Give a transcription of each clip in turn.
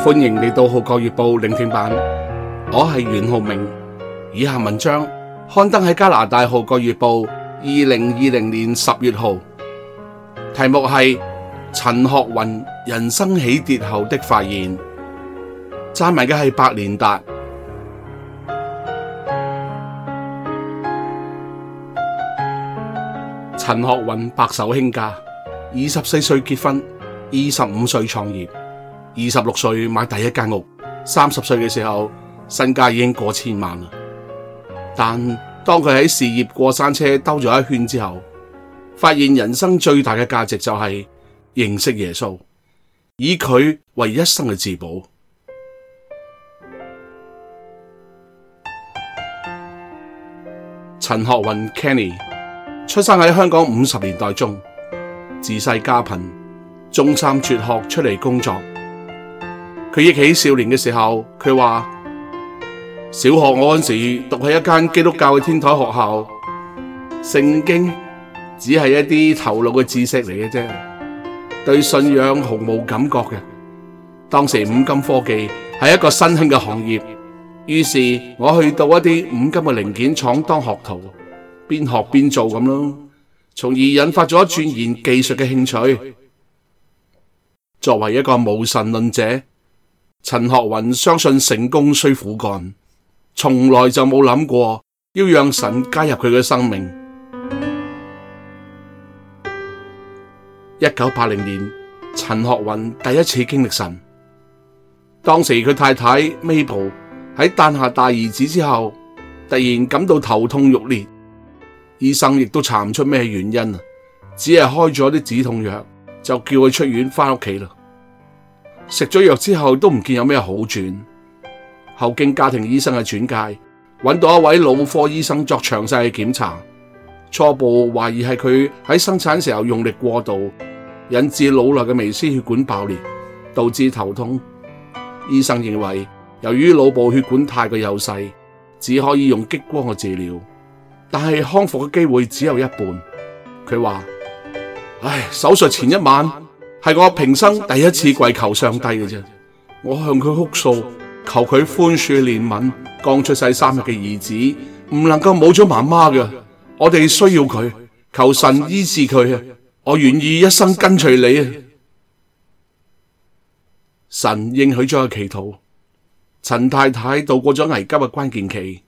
歡迎嚟到《浩國月報》聆聽版，我係袁浩明。以下文章刊登喺加拿大《浩國月報》二零二零年十月號，題目係陳學雲人生起跌後的發現。撰文嘅係白連達。陳學雲白手興家，二十四歲結婚，二十五歲創業。二十六歲買第一間屋，三十歲嘅時候身家已經過千萬了。但當佢喺事業過山車兜咗一圈之後，發現人生最大嘅價值就係認識耶穌，以佢為一生嘅至寶。陳鶴雲 Kenny 出生喺香港五十年代中，自細家貧，中三輟學出嚟工作。佢憶起少年嘅時候，佢話，小學我嗰時讀喺一間基督教嘅天台學校，聖經只係一啲頭腦嘅知識嚟嘅啫，對信仰毫無感覺嘅。當時五金科技係一個新興嘅行業，於是我去到一啲五金嘅零件廠當學徒，邊學邊做咁囉，從而引發咗鑽研技術嘅興趣。作為一個無神論者。陳鶴雲相信成功需苦幹，從來就冇諗過要讓神加入佢嘅生命。一九八零年，陳鶴雲第一次經歷神。當時佢太太 Mabel 喺誕下大兒子之後，突然感到頭痛欲裂，醫生亦都查唔出咩原因，只係開咗啲止痛藥，就叫佢出院返屋企。食咗藥之後都唔見有咩好轉，後經家庭醫生嘅轉介，揾到一位腦科醫生作詳細嘅檢查，初步懷疑係佢喺生產時候用力過度，引致腦內嘅微絲血管爆裂，導致頭痛。醫生認為，由於腦部血管太過幼細，只可以用激光嘅治療，但係康復嘅機會只有一半。佢話：「唉，手術前一晚，係我平生第一次跪求上帝嘅啫，我向佢哭訴，求佢寬恕的憐憫剛出世三日嘅兒子，唔能夠冇咗媽媽嘅，我哋需要佢，求神醫治佢啊！我願意一生跟隨你啊！神應許咗個祈禱，陳太太度過咗危急嘅關鍵期，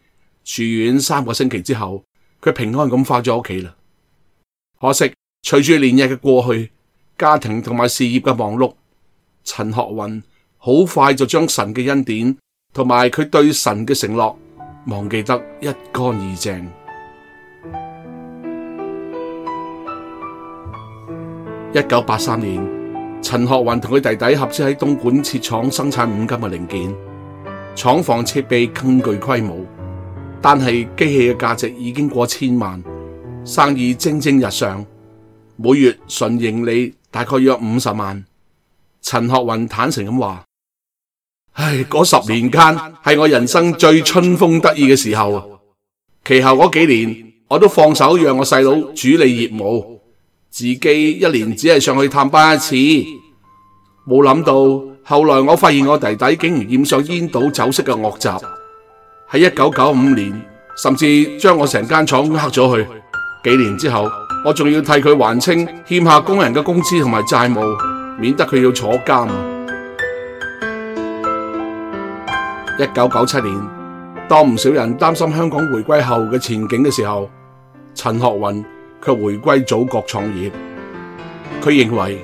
住院三個星期之後，佢平安咁返咗屋企啦。可惜隨住年日嘅過去。家庭同埋事業嘅忙碌，陳鶴雲好快就將神嘅恩典同埋佢對神嘅承諾忘記得一乾二淨。一九八三年，陳鶴雲同佢弟弟合資喺東莞設廠生產五金嘅零件，廠房設備更具規模，但係機器嘅價值已經過千萬，生意蒸蒸日上，每月純盈利。大概約五十萬，陳鶴雲坦誠咁話：，唉，嗰十年間係我人生最春風得意嘅時候、啊。其後嗰幾年，我都放手讓我細佬主理業務，自己一年只係上去探班一次。冇諗到後來我發現我弟弟竟然染上煙賭酒色嘅惡習。喺一九九五年，甚至將我成間廠都黑咗去。幾年之後。我仲要替佢還清欠下工人嘅工資同埋債務，免得佢要坐監。一九九七年，當唔少人擔心香港回歸後嘅前景嘅時候，陳鶴雲卻回歸祖國創業。佢認為，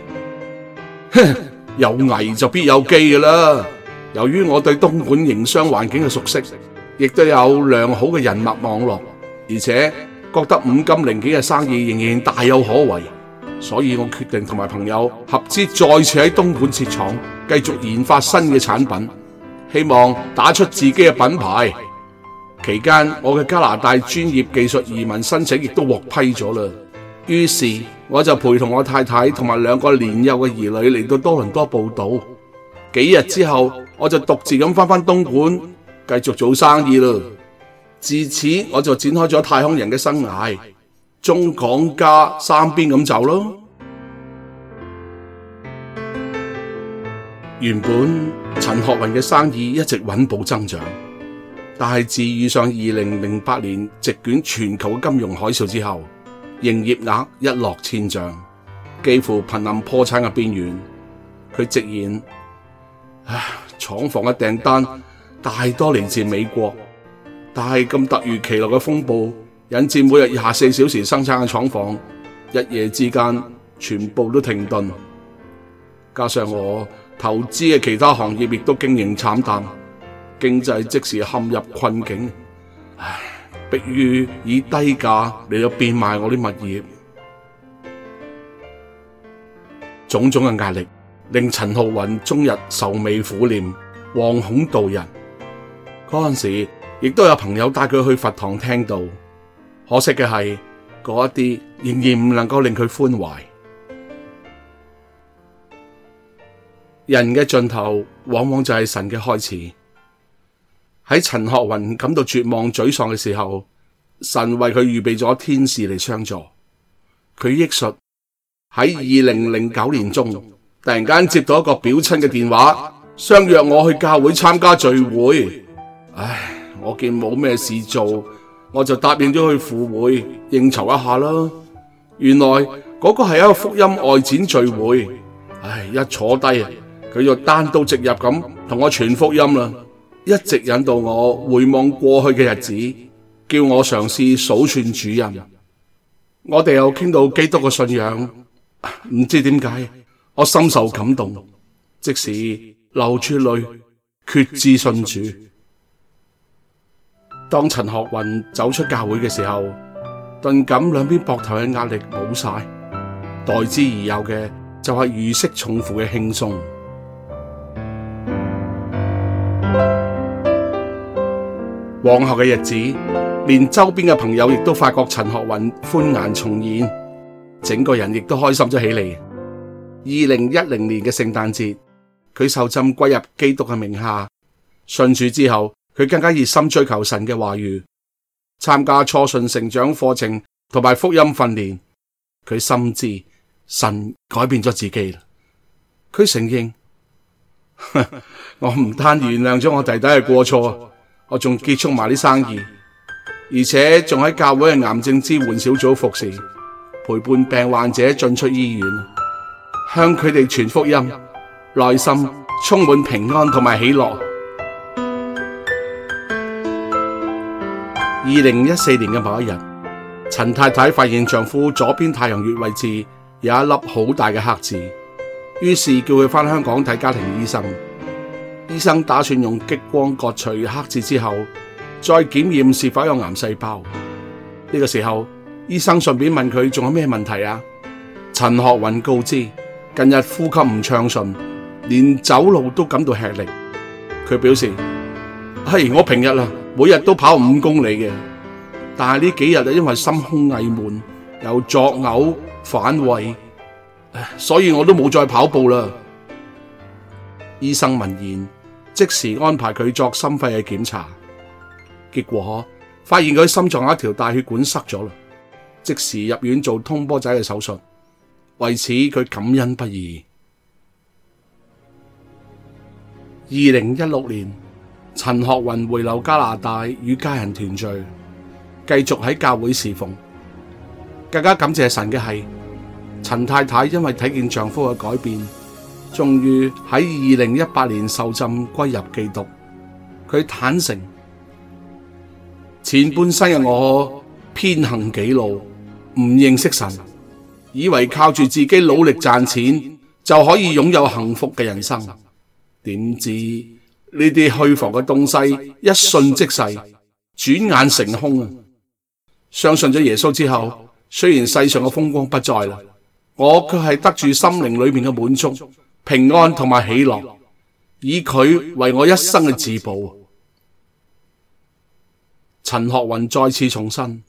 有危就必有機噶啦。由於我對東莞營商環境嘅熟悉，亦都有良好嘅人脈網絡，而且，覺得五金零件嘅生意仍然大有可為，所以我決定同埋朋友合資再次喺東莞設廠，繼續研發新嘅產品，希望打出自己嘅品牌。期間，我嘅加拿大專業技術移民申請亦都獲批咗啦。於是，我就陪同我太太同埋兩個年幼嘅兒女嚟到多倫多報到。幾日之後，我就獨自咁翻返東莞繼續做生意啦。自此我就展開咗太空人嘅生涯，中港加三邊咁走咯。原本陳鶴雲嘅生意一直穩步增長，但係自遇上二零零八年席捲全球嘅金融海嘯之後營業額一落千丈，幾乎瀕臨破產嘅邊緣。佢直言，唉，廠房嘅訂單大多嚟自美國。但係咁突如其來嘅風暴，引致每日二十四小時生產嘅廠房，一夜之間全部都停頓。加上我投資嘅其他行業亦都經營慘淡，經濟即時陷入困境。唉，迫於以低價嚟咗變賣我啲物業，種種嘅壓力令陳鶴云終日愁眉苦臉、惶恐度日。嗰陣時。亦都有朋友帶佢去佛堂聽到，可惜嘅係嗰一啲仍然唔能夠令佢歡懷。人嘅盡頭往往就係神嘅開始。喺陳鶴雲感到絕望沮喪嘅時候，神為佢預備咗天使嚟相助。佢憶述，喺二零零九年中，突然間接到一個表親嘅電話，相約我去教會參加聚會。唉。我見冇咩事做，我就答應咗去赴會應酬一下啦。原來嗰個係一個福音外展聚會，唉！一坐低，佢就單刀直入咁同我傳福音啦，一直引導我回望過去嘅日子，叫我嘗試數算主恩。我哋又傾到基督嘅信仰，唔知點解我深受感動，即使流住淚，決志信主。當陳鶴雲走出教會嘅時候，頓感兩邊膊頭嘅壓力冇晒，代之而有嘅就係、是、如釋重負嘅輕鬆。往後嘅日子，連周邊嘅朋友亦都發覺陳鶴雲歡顏重現，整個人亦都開心咗起嚟。二零一零年嘅聖誕節，佢受浸歸入基督嘅名下，信主之後。佢更加熱心追求神嘅話語，參加初信成長課程同埋福音訓練。佢深知神改變咗自己了他佢承認：我唔但原諒咗我弟弟嘅過錯，我仲結束埋啲生意，而且仲喺教會嘅癌症支援小組服侍，陪伴病患者進出醫院，向佢哋傳福音，內心充滿平安同埋喜樂。二零一四年嘅某一日，陳太太發現丈夫左邊太陽穴位置有一粒好大嘅黑痣，於是叫佢返香港睇家庭醫生。醫生打算用激光割除黑痣之後，再檢驗是否有癌細胞。呢個時候，醫生順便問佢仲有咩問題啊？陳鶴雲告知近日呼吸唔暢順，連走路都感到吃力。佢表示：係、哎、我平日啊。每日都跑五公里嘅，但係呢幾日啊，因為心胸翳悶，又作嘔反胃，所以我都冇再跑步啦。醫生聞言，即時安排佢做心肺嘅檢查，結果發現佢心臟有一條大血管塞咗啦，即時入院做通波仔嘅手術。為此，佢感恩不已。二零一六年。陳鶴雲回流加拿大與家人團聚，繼續喺教會侍奉。更加感謝神嘅係，陳太太因為睇見丈夫嘅改變，終於喺二零一八年受浸歸入基督。佢坦承：前半生嘅我偏行己路，唔認識神，以為靠住自己努力賺錢就可以擁有幸福嘅人生，點知？呢啲虛浮嘅東西一瞬即逝，轉眼成空啊！相信咗耶穌之後，雖然世上嘅風光不再啦，我卻係得住心靈裏面嘅滿足、平安同埋喜樂，以佢為我一生嘅至寶。陳鶴雲再次重申：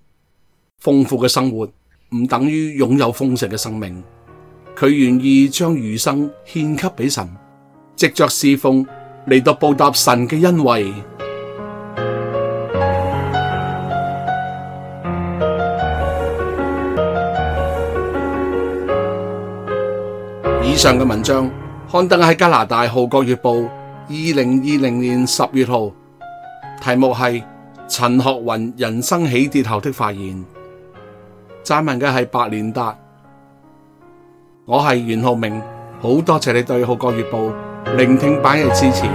豐富嘅生活唔等於擁有豐盛嘅生命。佢願意將餘生獻給俾神，執着侍奉。嚟到報答神嘅恩惠。以上嘅文章刊登喺加拿大《號角月報》二零二零年十月號，題目係陳鶴雲人生起跌後的發現。撰文嘅係白連達，我係袁浩明，好多謝你對《號角月報》。聆聽百日支持。